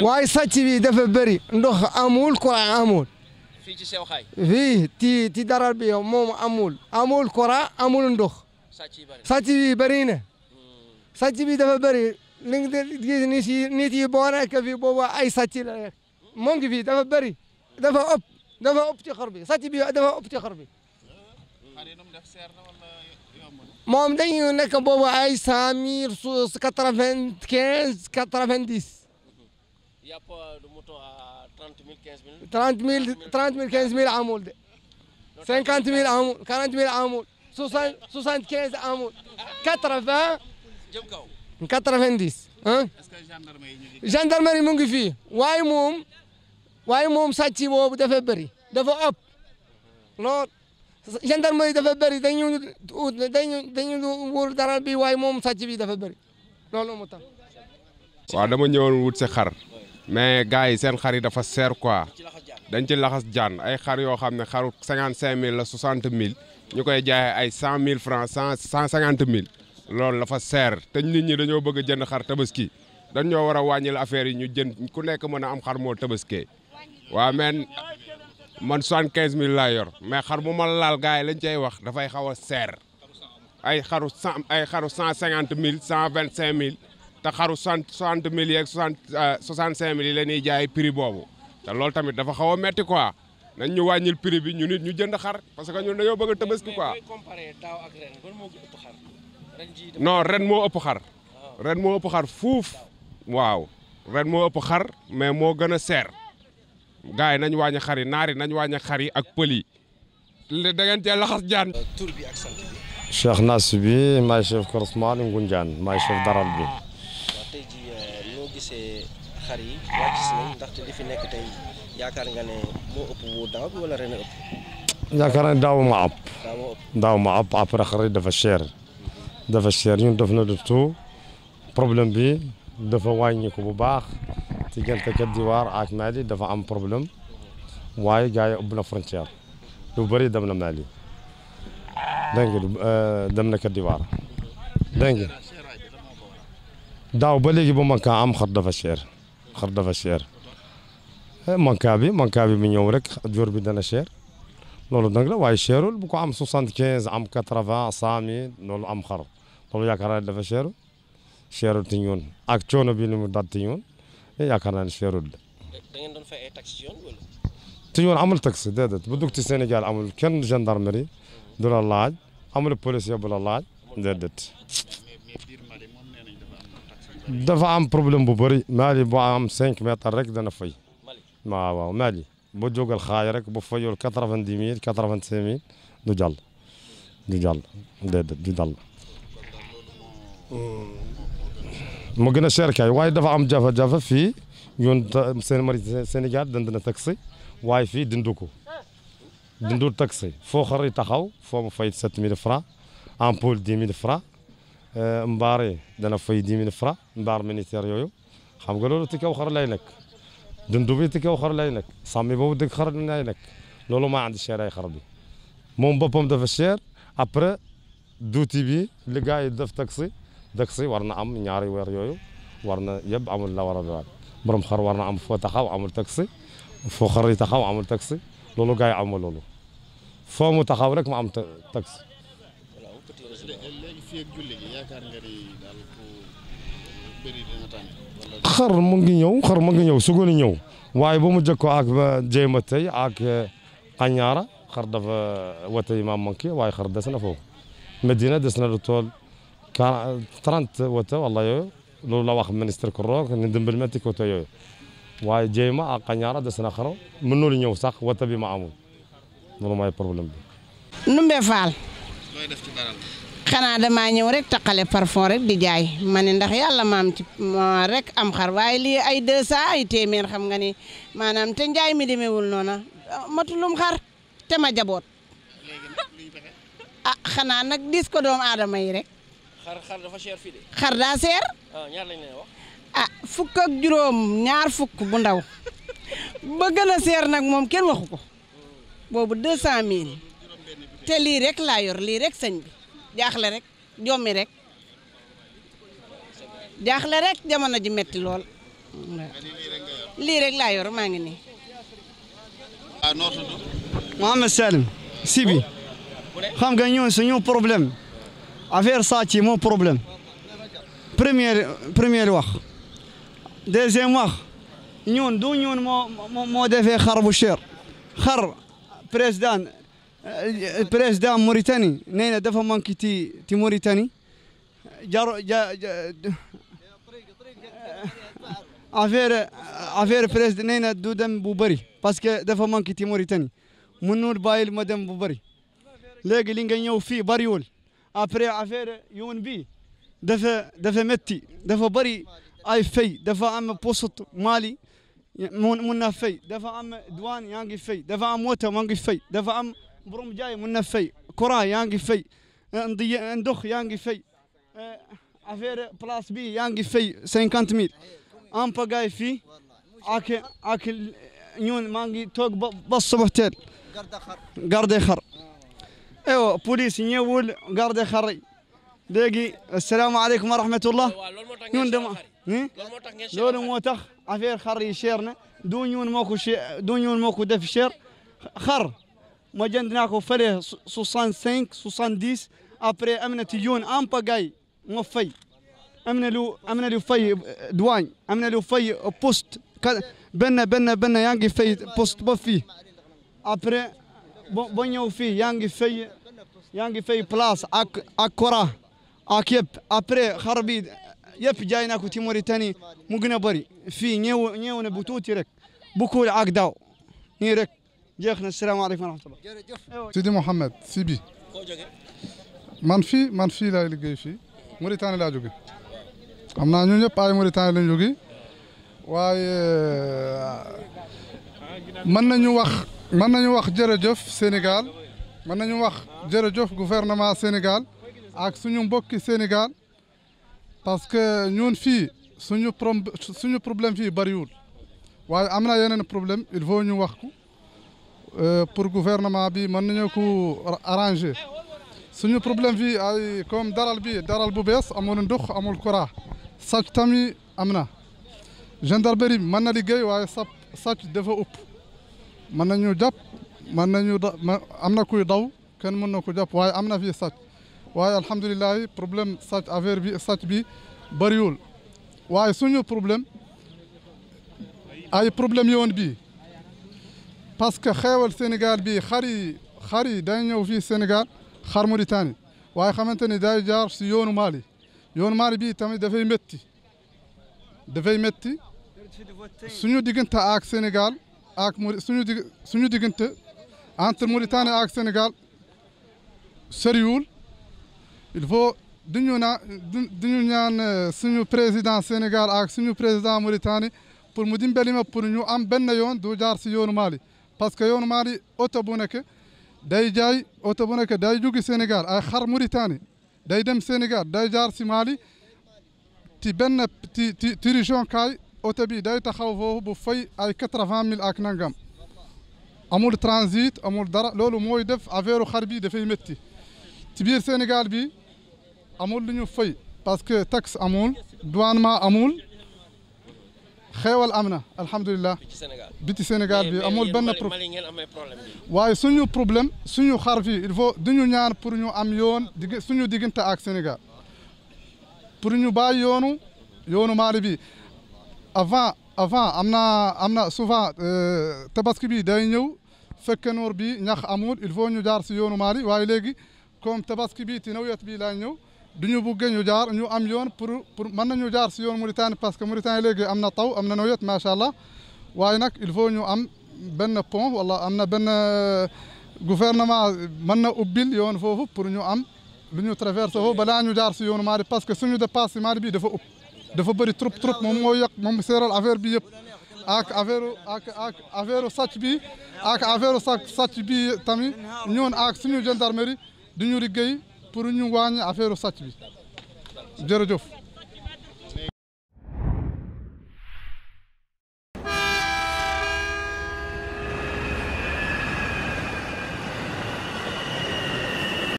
waay sàcc bi defa bëri ndox amul courant amul. fii ci sew xaay. fii ci ci daral bi yow moom amul. amul courant amul ndox. sàcc bi bëri na. sàcc bi hmm. dafa bëri li nga gis nit yi nit yi boo nekk ay sàcc la rek moo ngi fii dafa bëri. dafa ëpp dafa ëpp ci xor bi sàcc bi dafa ëpp ci xor bi. moom dañu nekk boobu ay cent mille quatre vingt quinze quatre vingt dix. Il n'y a pas de moto à 30 000, 15 000 30 000, 30 000 15 000 à Moule. 50 000 à Moule, 40 000 à Moule, 75 à Moule, 80 90. Hein? gendarmerie mu ngi fii waaye moom waaye moom sàcc boobu dafa bëri dafa ëpp lool gendarmerie dafa bëri dañu dañu dañu wóor dara bi waaye moom sàcc bi dafa bëri loolu moo tax xar mais gars yi seen xar yi dafa seer quoi dañ ci laxas jaan ay xar yoo xam ne xaru cinquante cinq mille la soixante mille ñu koy jaayee ay cent mille franc cent cent cinquante mille loolu dafa seer te nit ñi dañoo bëgg jënd xar tabaski dañ ñoo war a wàññil affaire yi ñu jënd ku nekk mën am xar moo tabaskee waa mais man soixante quinze mille laa mais xar bu ma laal gars yi lañ cay wax dafay xaw a seer ay xaru cent ay xaru cent cinquante mille cent vingt cinq mille te xaru soixante soixante mille yeeg soixante euh, soixante cinq mille yi la ñuy jaay prix boobu te loolu tamit dafa xaw a metti quoi nañ ñu wàññil prix bi ñu nit ñu jënd xar parce que ñun dañoo bëgg a tabaski quoi. non ren moo ëpp xar. Ah. ren moo ëpp xar fuuf. waaw ren moo ëpp xar mais moo gën a seer. gars yi nañ wàññi xar yi naar yi nañ wàññi xar yi ak pël yi. da ngeen cee laxas jaan. Euh, tur bi ak sant bi. Cheikh Nass bi maay chef correspondant Ngoundiane maay chef daral bi. gisee xar yi wàcc si nañ ndaxte li fi daaw ma ëpp. daaw ma dafa cher. dafa cher ñun def na du tout problème bi dafa wàññiku bu baax diggante Côte d'Ivoire ak Mali dafa am problème waaye gars yi ubbi na frontière lu bëri dem na Mali daaw ba léegi ba manka am xar dafa cher xar dafa cher manka bi manka bi mu ñëw rek jur bi dana cher loolu nag la waaye cherul bu ko am soixante quinze am quatre vingt cent mille loolu am xar loolu yaakaar naa ne dafa cherul cherul ti ak coono bi ni mu daal ti ñoon yaakaar naa ne cherul da ngeen doon ti ñoon amul taxe déedéet bu dugg ci Sénégal amul kenn dafa am problème bu bëri Mali bu am cinq mètres rek dana fay waaw waaw Mali boo jógal xaay rek bu fayul quatre-vingt-dix mille quatre-vingt-cinq mille du jàll du jàll déedéet du jàll mu gën a cher kay waaye dafa am jafe-jafe fii ñun seen mari Sénégal dënd na taxi waaye fii dindu ko dindu taxi foo xari taxaw foo mu fay sept mille francs ampoule dix mille francs Eh, mbaare dana fay dix mille franc mbaar militaire yooyu xam nga loolu ci kaw xar lay nekk dund bi ci kaw xar lay nekk sàmmi boobu dëgg xar lay nekk loolu maa andi cher ay xar bi moom boppam dafa cher après duuti bi li yi def taxi taxi war na am ñaari weer yooyu war na yëpp amul la war a doon borom xar war na am foo taxaw amul taxi foo xar yi taxaw amul taxi loolu gars yi amul loolu foo mu taxaw rek mu am taxi. fii ak julli gi yaakaar nga ni daal ku bëri dina tànn xar mu ngi ñëw xar mu ngi ñëw sugoon ñëw waaye ba mu jëkkoo ak jéema tey ak eh, añaara xar dafa watay maam manki waaye xar des na foofu Medina des na lu tool trente wata walla yooyu loolu la wax ministre Korog ne dimbalmenti wata yooyu waaye jéema ak añaara des na xaro mënul ñëw sax wata bi ma amul loolu mooy problème bi Numbe Fall looy def ci dara xanaa damaa ñëw rek taqale parfum rek di jaay ma ne ndax yàlla maam ci rek am xar waaye lii ay deux ay téeméer xam nga ni maanaam te njaay mi demewul noona matulum xar te ma jaboot ah xanaa nag diis ko doomu aadama yi rek. xar xar dafa daa seer. ah ñaar ah, juróom ñaar fukk bu ndaw ba gën seer nag moom kenn waxu ko boobu deux cent te lii rek laa yor lii rek sëñ bi. jaaxle rek jommi rek jaaxle rek jamono ji metti lool lii rek laa yor maa ngi nii. waaw ah, noo Salim Sibi xam nga ñun suñu problème affaire sàcc yi moo problème première première wax deuxième wax ñun du ñun moo moo defee xar bu cher xar président. Eh, president Mauritanie nee na dafa manqué ci ci Mauritanie jaro ja eh, affaire affaire président nee na du dem bu bëri parce que dafa manqué ci Mauritanie mënul bàyyil ma dem bu bëri léegi li nga ñëw fii bëriwul après affaire yoon bi dafa dafa métti dafa bëri ay fay dafa am poste Mali mun na fay dafa am douane yaa ngi fay dafa am moto maa ngi fay بروم جاي من في كرة يانجي في ندخ يانجي في افير بلاس بي يانجي في 50 ميل ام باغاي في اكل اكل نيون مانجي توك بص بحتل قرد خر ايوه بوليس نيول قرد خري دقي السلام عليكم ورحمة الله نيون دم لول موتخ افير خري شيرنا دون يون موكو شي دون يون موكو دف شير خر Moi, je viens au faire 65, 70. Après, je suis un pagaille, un feuille. امنا له امنا له في دواي امنا له في بوست بنا بنا بنا يانجي في بوست بفي ابري بنيو في يانجي في يانجي في بلاس اك اكورا اكيب ابري خربي يب جاينا كو تيموري تاني مقنا بري في نيو نيو نبوتوتي رك بكول عقداو نيرك jeex na salaamaaleykum wa rahmatulah. jërëjëf Sidi Mouhamed si bi. man fii man fii laay liggéey fii Mauritanie laa jóge xam naa ñun ñëpp ay Mauritanie lañ jóge waaye euh, mën nañu wax mën nañu wax jërëjëf Sénégal mën nañu wax jërëjëf gouvernement Sénégal ak suñu mbokki Sénégal parce que ñun fi suñu pro suñu problème fii bariwul waaye am na yeneen problème il faut ñu wax ko Euh, pour gouvernement bi mën nañu ko arrangé suñu problème bi ay comme daral bi daral bu bees amul ndox amul courant sàcc tamit am na gendarmerie mën na liggéey waaye sap sàcc dafa ëpp mën nañu jàpp mën nañu da am na kuy daw kenn mën na ko jàpp waaye am na fii sàcc waaye alhamdulilah problème sàcc affaire bi sàcc bi bëriwul waaye suñu problème ay problème yoon bi parce que xeewal Sénégal bii xar yi xar yi day ñëw fii Sénégal xar waaye xamante ni day jaar si yoonu maali yoonu Mali bii tamit dafay métti dafay métti suñu diggante ak Sénégal ak suñu dig suñu diggante entre Mauritanie ak Sénégal soriwul il faut duñu naa duñu ñaan euh, suñu président Sénégal ak suñu président Mauritanie pour mu dimbali ma pour ñu am benn yoon du jaar si yoonu Mali parce que yoonu maa oto bu nekk day jaay oto bu nekk day jóge Sénégal ay xar Mauritanie day dem Sénégal day jaar si Mali ci benn ci ci ci région kaay oto bi day taxaw foofu bu fay ay quatre-vingt mille ak nangam amul transit amul dara loolu mooy def affaire xar bi dafay métti ci biir Sénégal bi amul lu ñu fay parce que taxe amul douanement amul. xeewal am na alhamdulilah bi ci Sénégal bi amul benn problème waaye suñu problème suñu xar fii il faut duñu ñaan pour ñu am yoon digg suñu diggante ak Sénégal pour ñu bàyyi yoonu yoonu Mali bi avant avant am na am na souvent euh, tabaski bi day ñëw fekke noor bi ñax amul il faut ñu jaar si yoonu Mali waaye léegi comme tabaski bi ti nawet bi laay ñëw du ñu buggee ñu jaar ñu am yoon pour pour mën nañu jaar si yoon Mauritanie parce que Mauritanie léegi am na taw am na nawet macha allah waaye nag il faut ñu am benn pont wala am na benn euh, gouvernement mën na ubbil yoon foofu pour ñu am lu ñu traversé foofu balaa ñu jaar si yoon yoonu Mali parce que suñu dépassement bi dafa ëpp dafa bari trop trop moom moo yàq moom séeral affaire bi yëpp ak affaire ak ak affaire sàcc bi aak affaire sàcc bi tamit ñun ak suñu gendarmerie du ñu liggéey pour ñu wàññi affaire sàcc bi jërëjëf